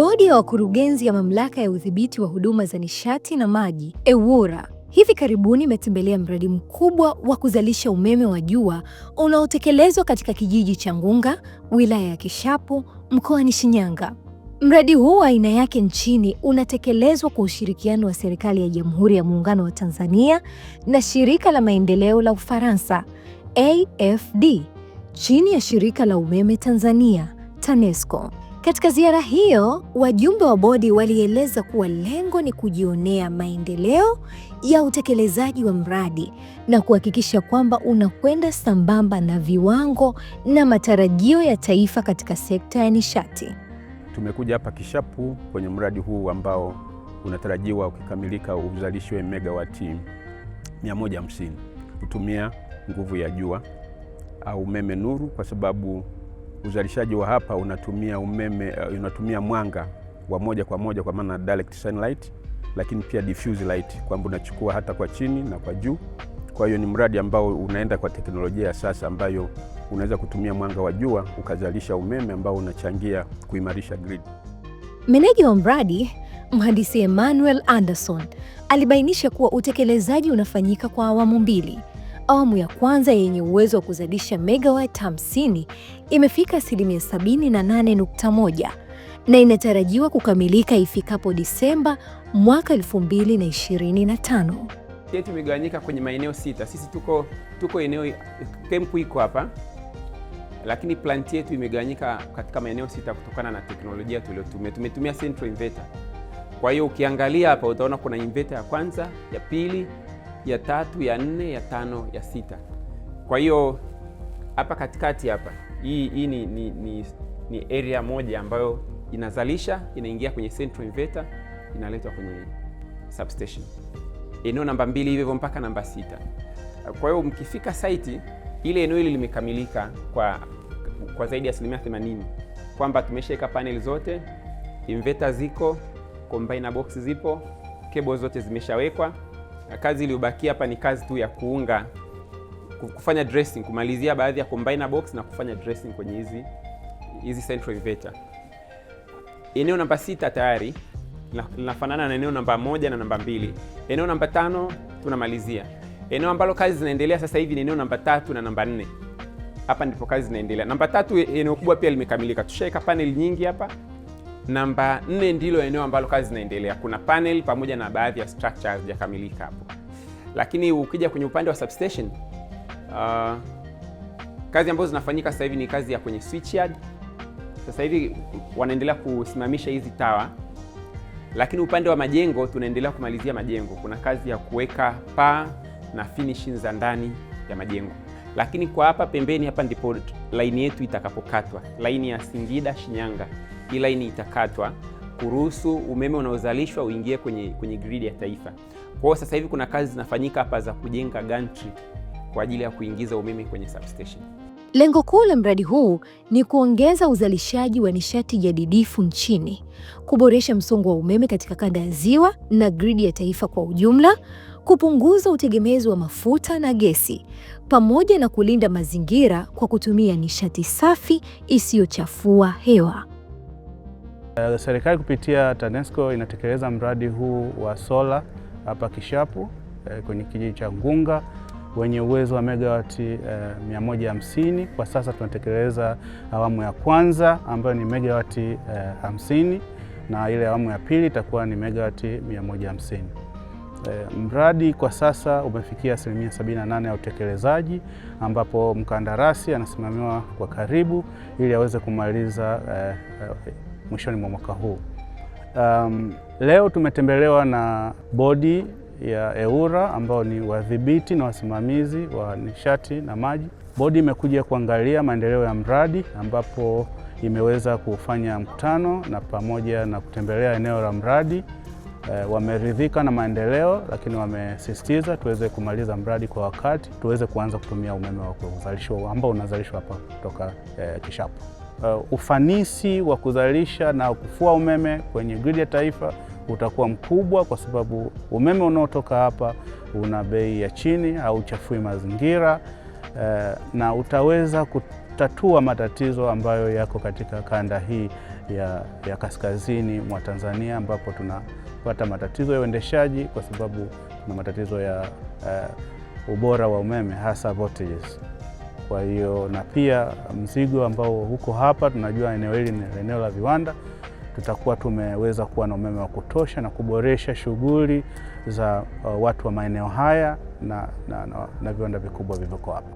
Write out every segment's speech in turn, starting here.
Bodi ya wakurugenzi ya mamlaka ya udhibiti wa huduma za nishati na maji EWURA hivi karibuni imetembelea mradi mkubwa wa kuzalisha umeme wa jua unaotekelezwa katika kijiji cha Ngunga, wilaya ya Kishapu, mkoani Shinyanga. Mradi huu wa aina yake nchini unatekelezwa kwa ushirikiano wa serikali ya Jamhuri ya Muungano wa Tanzania na shirika la maendeleo la Ufaransa AFD chini ya shirika la umeme Tanzania TANESCO. Katika ziara hiyo, wajumbe wa bodi walieleza kuwa lengo ni kujionea maendeleo ya utekelezaji wa mradi na kuhakikisha kwamba unakwenda sambamba na viwango na matarajio ya taifa katika sekta ya nishati. Tumekuja hapa Kishapu kwenye mradi huu ambao unatarajiwa ukikamilika uzalishwe megawati 150 kutumia nguvu ya jua au umeme nuru kwa sababu uzalishaji wa hapa unatumia umeme, eh, unatumia mwanga wa moja kwa moja kwa maana direct sunlight, lakini pia diffuse light kwamba unachukua hata kwa chini na kwa juu. Kwa hiyo ni mradi ambao unaenda kwa teknolojia ya sasa ambayo unaweza kutumia mwanga wa jua ukazalisha umeme ambao unachangia kuimarisha grid. Meneja wa mradi mhandisi Emmanuel Anderson alibainisha kuwa utekelezaji unafanyika kwa awamu mbili awamu ya kwanza yenye uwezo wa kuzalisha megawati 50 imefika asilimia 78.1 na, na inatarajiwa kukamilika ifikapo Disemba mwaka 2025. Yetu imegawanyika kwenye maeneo sita. Sisi tuko, tuko eneo kempu iko hapa, lakini plant yetu imegawanyika katika maeneo sita kutokana na teknolojia tuliyotumia Tumetumia central inverter. Kwa hiyo ukiangalia hapa utaona kuna inverter ya kwanza, ya pili ya tatu, ya nne, ya tano, ya sita. Kwa hiyo hapa katikati hapa hii hii ni, ni, ni, ni area moja ambayo inazalisha inaingia kwenye central inverter inaletwa kwenye substation eneo namba mbili hivyo mpaka namba sita. Kwa hiyo mkifika site ile, eneo hili limekamilika kwa kwa zaidi ya asilimia 80, kwamba tumeshaweka panel zote, inverter ziko, combiner box zipo, cable zote zimeshawekwa na kazi iliyobakia hapa ni kazi tu ya kuunga, kufanya dressing, kumalizia baadhi ya combiner box na kufanya dressing kwenye hizi hizi central inverter. Eneo namba sita tayari linafanana na eneo namba moja na namba mbili. Eneo namba tano tunamalizia. Eneo ambalo kazi zinaendelea sasa hivi ni eneo namba tatu na namba nne. Hapa ndipo kazi zinaendelea. Namba tatu eneo kubwa pia limekamilika, tushaweka panel nyingi hapa Namba nne ndilo eneo ambalo kazi zinaendelea, kuna panel pamoja na baadhi ya structure hazijakamilika hapo. Lakini ukija kwenye upande wa substation, uh, kazi ambazo zinafanyika sasa hivi ni kazi ya kwenye switchyard. Sasa hivi wanaendelea kusimamisha hizi tawa, lakini upande wa majengo tunaendelea kumalizia majengo. Kuna kazi ya kuweka paa na finishing za ndani ya majengo, lakini kwa hapa pembeni hapa ndipo laini yetu itakapokatwa, laini ya Singida Shinyanga hii laini itakatwa kuruhusu umeme unaozalishwa uingie kwenye, kwenye gridi ya taifa. Kwa hiyo sasa hivi kuna kazi zinafanyika hapa za kujenga gantry kwa ajili ya kuingiza umeme kwenye substation. Lengo kuu la mradi huu ni kuongeza uzalishaji wa nishati jadidifu nchini, kuboresha msongo wa umeme katika kanda ya Ziwa na gridi ya taifa kwa ujumla, kupunguza utegemezi wa mafuta na gesi, pamoja na kulinda mazingira kwa kutumia nishati safi isiyochafua hewa. Eh, serikali kupitia TANESCO inatekeleza mradi huu wa sola hapa Kishapu eh, kwenye kijiji cha Ngunga wenye uwezo wa megawati 150. Eh, kwa sasa tunatekeleza awamu ya kwanza ambayo ni megawati 50 na ile awamu ya pili itakuwa ni megawati 150. Uh, mradi kwa sasa umefikia asilimia 78 ya utekelezaji ambapo mkandarasi anasimamiwa kwa karibu ili aweze kumaliza uh, uh, mwishoni mwa mwaka huu. Um, leo tumetembelewa na bodi ya EWURA ambao ni wadhibiti na wasimamizi wa nishati na maji. Bodi imekuja kuangalia maendeleo ya mradi ambapo imeweza kufanya mkutano na pamoja na kutembelea eneo la mradi. E, wameridhika na maendeleo lakini wamesisitiza tuweze kumaliza mradi kwa wakati, tuweze kuanza kutumia umeme wa kuzalishwa ambao unazalishwa hapa kutoka e, Kishapu uh, ufanisi wa kuzalisha na kufua umeme kwenye gridi ya taifa utakuwa mkubwa, kwa sababu umeme unaotoka hapa una bei ya chini, hauchafui mazingira uh, na utaweza kutatua matatizo ambayo yako katika kanda hii ya, ya kaskazini mwa Tanzania ambapo tunapata matatizo ya uendeshaji kwa sababu tuna matatizo ya uh, ubora wa umeme hasa voltages. Kwa hiyo na pia mzigo ambao huko hapa, tunajua eneo hili ni eneo la viwanda, tutakuwa tumeweza kuwa na umeme wa kutosha na kuboresha shughuli za uh, watu wa maeneo haya na, na, na, na viwanda vikubwa vilivyoko hapa.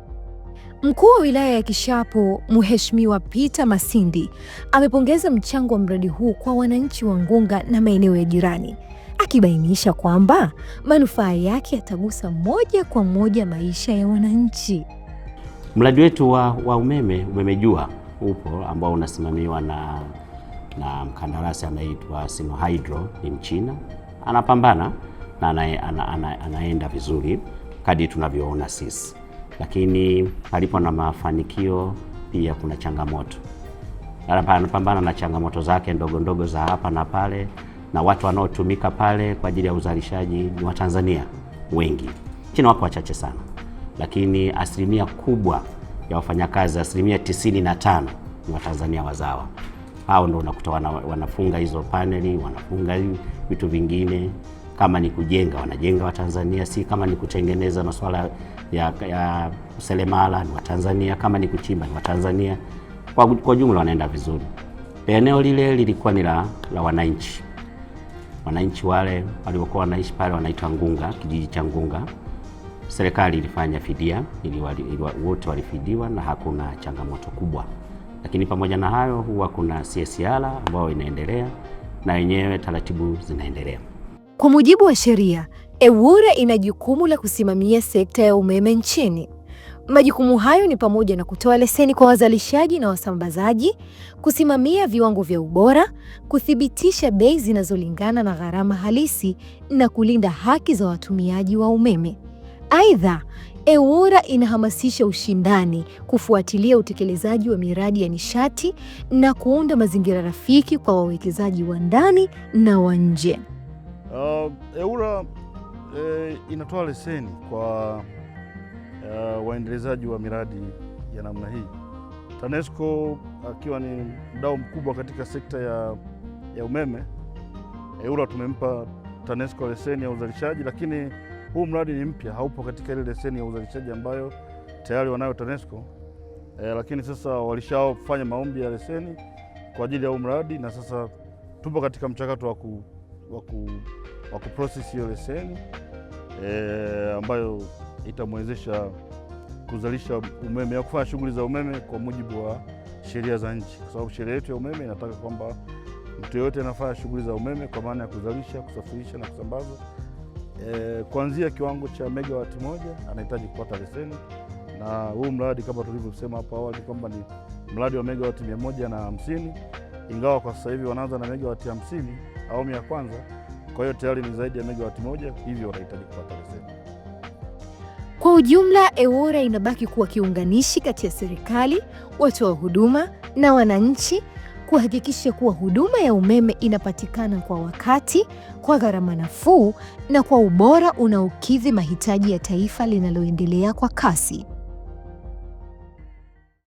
Mkuu wa wilaya ya Kishapu Mheshimiwa Peter Masindi amepongeza mchango wa mradi huu kwa wananchi wa Ngunga na maeneo ya jirani, akibainisha kwamba manufaa yake yatagusa moja kwa moja maisha ya wananchi. Mradi wetu wa, wa umeme umemejua upo ambao unasimamiwa na, na mkandarasi anaitwa Sinohydro ni Mchina, anapambana na ana, ana, ana, anaenda vizuri kadi tunavyoona sisi, lakini palipo na mafanikio pia kuna changamoto. Anapambana na changamoto zake ndogo ndogo za hapa na pale, na watu wanaotumika pale kwa ajili ya uzalishaji ni Watanzania wengi, China wako wachache sana lakini asilimia kubwa ya wafanyakazi, asilimia tisini na tano ni Watanzania wazawa. Hao ndo unakuta wana, wanafunga hizo paneli, wanafunga vitu vingine. Kama ni kujenga, wanajenga Watanzania, si kama ni kutengeneza masuala ya, ya selemala ni Watanzania, kama ni kuchimba ni Watanzania. Kwa, kwa jumla wanaenda vizuri. Eneo lile lilikuwa ni la, la wananchi wananchi wale waliokuwa wanaishi pale wanaitwa Ngunga, kijiji cha Ngunga. Serikali ilifanya fidia, wote walifidiwa na hakuna changamoto kubwa. Lakini pamoja na hayo, huwa kuna CSR ambayo inaendelea na yenyewe taratibu zinaendelea. Kwa mujibu wa sheria, EWURA ina jukumu la kusimamia sekta ya umeme nchini. Majukumu hayo ni pamoja na kutoa leseni kwa wazalishaji na wasambazaji, kusimamia viwango vya ubora, kuthibitisha bei zinazolingana na gharama halisi na kulinda haki za watumiaji wa umeme. Aidha, EWURA inahamasisha ushindani, kufuatilia utekelezaji wa miradi ya nishati na kuunda mazingira rafiki kwa wawekezaji wa ndani na wa nje. Uh, EWURA eh, inatoa leseni kwa uh, waendelezaji wa miradi ya namna hii. TANESCO akiwa ni mdau mkubwa katika sekta ya, ya umeme, EWURA tumempa TANESCO leseni ya uzalishaji lakini huu mradi ni mpya, haupo katika ile leseni ya uzalishaji ambayo tayari wanayo TANESCO e, lakini sasa walishafanya maombi ya leseni kwa ajili ya huu mradi na sasa tupo katika mchakato wa ku wa kuprocess hiyo leseni e, ambayo itamwezesha kuzalisha umeme au kufanya shughuli za umeme kwa mujibu wa sheria za nchi, kwa sababu sheria yetu ya umeme inataka kwamba mtu yeyote anafanya shughuli za umeme kwa maana ya kuzalisha, kusafirisha na kusambaza Eh, kuanzia kiwango cha megawati moja anahitaji kupata leseni, na huu mradi kama tulivyosema hapo awali kwamba ni mradi wa megawati mia moja na hamsini ingawa kwa sasa hivi wanaanza na megawati hamsini awamu ya kwanza. Kwa hiyo tayari ni zaidi ya megawati moja, hivyo wanahitaji kupata leseni. Kwa ujumla, EWURA inabaki kuwa kiunganishi kati ya serikali, watoa huduma na wananchi kuhakikisha kuwa huduma ya umeme inapatikana kwa wakati, kwa gharama nafuu na kwa ubora unaokidhi mahitaji ya taifa linaloendelea kwa kasi.